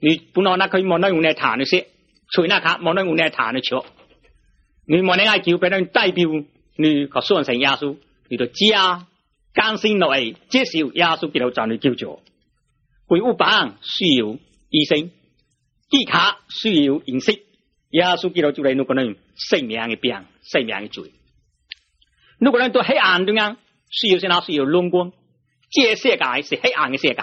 你本來可以望到用嚟彈的事，以那卡望到用嚟彈的錯。你望你嗌就別人代表你去相信耶穌，你就知啊。心線內接受耶穌基督站嚟救助。佢有病需要醫生，記卡需要認識耶穌基督做嚟，如果能生命嘅病，生命嘅罪，如果能到黑暗中間，需要先拿需要燈光。呢、這個世界是黑暗的世界。